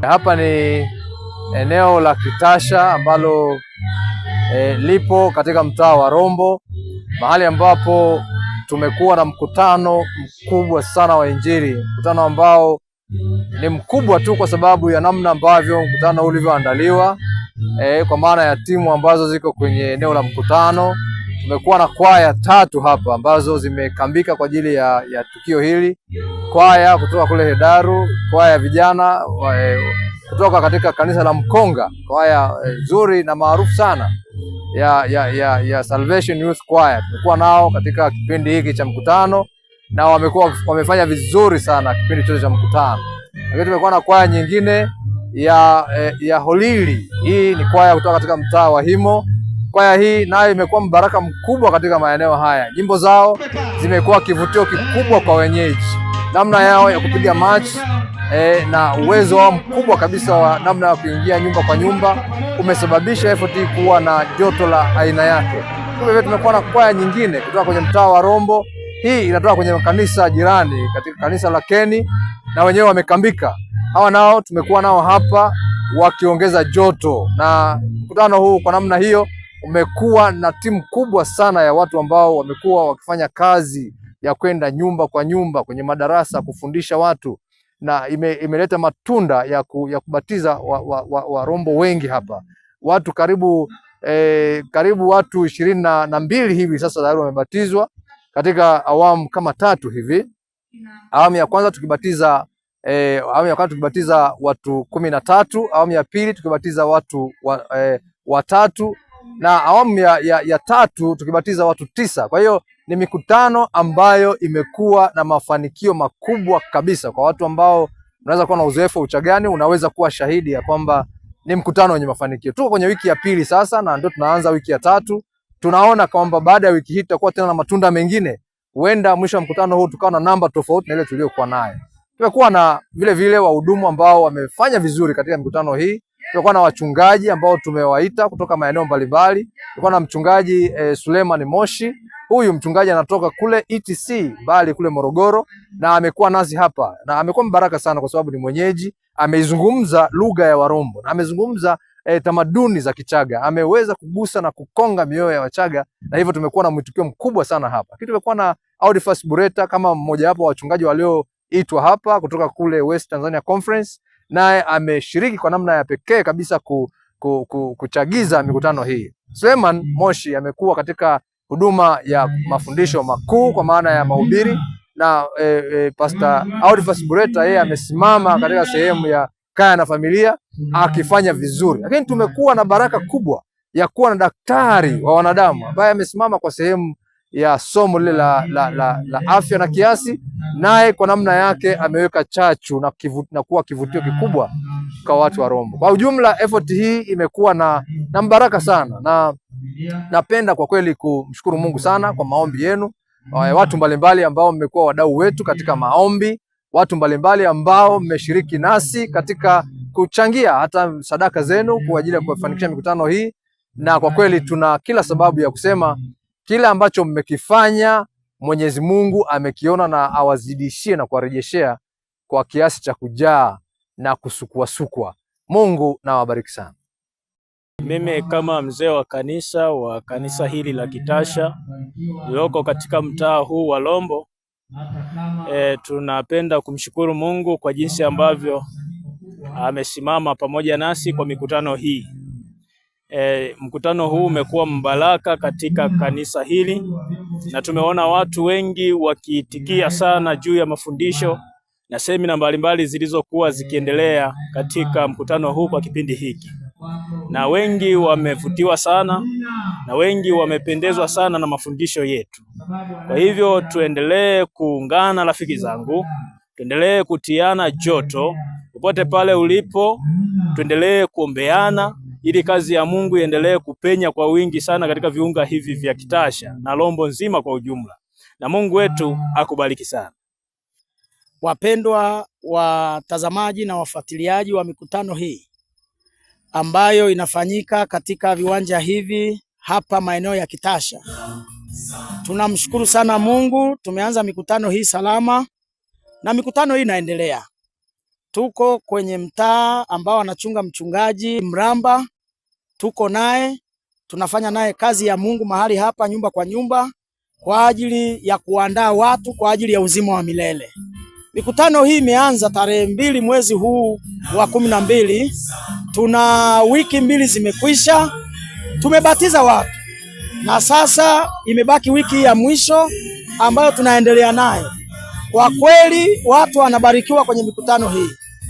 Hapa ni eneo la Kitasha ambalo e, lipo katika mtaa wa Rombo, mahali ambapo tumekuwa na mkutano mkubwa sana wa Injili, mkutano ambao ni mkubwa tu kwa sababu ya namna ambavyo mkutano ulivyoandaliwa, e, kwa maana ya timu ambazo ziko kwenye eneo la mkutano. Tumekuwa na kwaya tatu hapa ambazo zimekambika kwa ajili ya, ya tukio hili, kwaya kutoka kule Hedaru, kwaya ya vijana e, kutoka katika kanisa la Mkonga, kwaya e, eh, zuri na maarufu sana ya, ya, ya, ya Salvation Youth Choir. Tumekuwa nao katika kipindi hiki cha mkutano na wamekuwa wamefanya vizuri sana kipindi chote cha mkutano, lakini tumekuwa na kwaya nyingine ya, eh, ya Holili. Hii ni kwaya kutoka katika mtaa wa Himo Kwaya hii mm. nayo imekuwa mbaraka mkubwa katika maeneo haya. Nyimbo zao zimekuwa kivutio kikubwa kwa wenyeji, namna yao ya kupiga match e, eh, na uwezo wao mkubwa kabisa wa namna ya kuingia nyumba kwa nyumba umesababisha effort kuwa na joto la aina yake. Kwa hivyo tumekuwa na kwaya nyingine kutoka kwenye mtaa wa Rombo, hii inatoka kwenye kanisa jirani, katika kanisa la Keni, na wenyewe wamekambika. Hawa nao tumekuwa nao hapa wakiongeza joto, na mkutano huu kwa namna hiyo umekuwa na timu kubwa sana ya watu ambao wamekuwa wakifanya kazi ya kwenda nyumba kwa nyumba kwenye madarasa kufundisha watu na ime, imeleta matunda ya, ku, ya kubatiza warombo wa, wa, wa, wengi hapa watu karibu eh, karibu watu ishirini na, na mbili hivi sasa tayari wamebatizwa katika awamu kama tatu hivi. Awamu ya kwanza tukibatiza eh, awamu ya kwanza tukibatiza watu kumi na tatu awamu ya pili tukibatiza watu wa, eh, watatu na awamu ya, ya, ya tatu tukibatiza watu tisa. Kwa hiyo ni mikutano ambayo imekuwa na mafanikio makubwa kabisa. Kwa watu ambao unaweza kuwa na uzoefu wa Uchagani, unaweza kuwa shahidi ya kwamba ni mkutano wenye mafanikio. Tuko kwenye wiki ya pili sasa, na ndio tunaanza wiki ya tatu. Tunaona kwamba baada ya wiki hii tutakuwa tena na matunda mengine, huenda mwisho wa mkutano huu tukawa na namba tofauti na ile tuliyokuwa nayo. Tumekuwa na vile vile wahudumu ambao wamefanya vizuri katika mikutano hii Tulikuwa na wachungaji ambao tumewaita kutoka maeneo mbalimbali. Tulikuwa na mchungaji e, eh, Suleiman Moshi. Huyu mchungaji anatoka kule ETC bali kule Morogoro na amekuwa nasi hapa na amekuwa mbaraka sana kwa sababu ni mwenyeji, ameizungumza lugha ya Warombo na amezungumza e, tamaduni za Kichaga. Ameweza kugusa na kukonga mioyo ya Wachaga na hivyo tumekuwa na mwitikio mkubwa sana hapa. Kitu tumekuwa na Audifas Bureta kama mmojawapo wa wachungaji walioitwa hapa kutoka kule West Tanzania Conference naye ameshiriki kwa namna ya pekee kabisa ku, ku, ku, kuchagiza mikutano hii. Suleiman Moshi amekuwa katika huduma ya mafundisho makuu kwa maana ya mahubiri na e, e, Pastor Audifas Bureta yeye amesimama katika sehemu ya kaya na familia akifanya vizuri, lakini tumekuwa na baraka kubwa ya kuwa na daktari wa wanadamu ambaye amesimama kwa sehemu ya somo lile la, la, la, la afya na kiasi, naye kwa namna yake ameweka chachu na, kivu, na kuwa kivutio kikubwa kwa watu wa Rombo. Kwa ujumla effort hii imekuwa na, na mbaraka sana, na napenda kwa kweli kumshukuru Mungu sana kwa maombi yenu, eh, watu mbalimbali ambao mmekuwa wadau wetu katika maombi, watu mbalimbali ambao mmeshiriki nasi katika kuchangia hata sadaka zenu kwa ajili ya kufanikisha mikutano hii, na kwa kweli tuna kila sababu ya kusema kila ambacho mmekifanya Mwenyezi Mungu amekiona na awazidishie na kuwarejeshea kwa kiasi cha kujaa na kusukuasukwa. Mungu na wabariki sana. Mimi kama mzee wa kanisa wa kanisa hili la Kitasha iliyoko katika mtaa huu wa lombo e, tunapenda kumshukuru Mungu kwa jinsi ambavyo amesimama pamoja nasi kwa mikutano hii. E, mkutano huu umekuwa mbaraka katika kanisa hili na tumeona watu wengi wakiitikia sana juu ya mafundisho na semina mbalimbali zilizokuwa zikiendelea katika mkutano huu kwa kipindi hiki, na wengi wamevutiwa sana na wengi wamependezwa sana na mafundisho yetu. Kwa hivyo tuendelee kuungana, rafiki zangu, tuendelee kutiana joto popote pale ulipo, tuendelee kuombeana ili kazi ya Mungu iendelee kupenya kwa wingi sana katika viunga hivi vya Kitasha na Rombo nzima kwa ujumla, na Mungu wetu akubariki sana. Wapendwa watazamaji na wafuatiliaji wa mikutano hii ambayo inafanyika katika viwanja hivi hapa maeneo ya Kitasha, tunamshukuru sana Mungu. Tumeanza mikutano hii salama na mikutano hii inaendelea. Tuko kwenye mtaa ambao anachunga mchungaji Mramba tuko naye, tunafanya naye kazi ya Mungu mahali hapa, nyumba kwa nyumba, kwa ajili ya kuandaa watu kwa ajili ya uzima wa milele. Mikutano hii imeanza tarehe mbili mwezi huu wa kumi na mbili. Tuna wiki mbili zimekwisha, tumebatiza watu na sasa imebaki wiki ya mwisho ambayo tunaendelea nayo. Kwa kweli watu wanabarikiwa kwenye mikutano hii.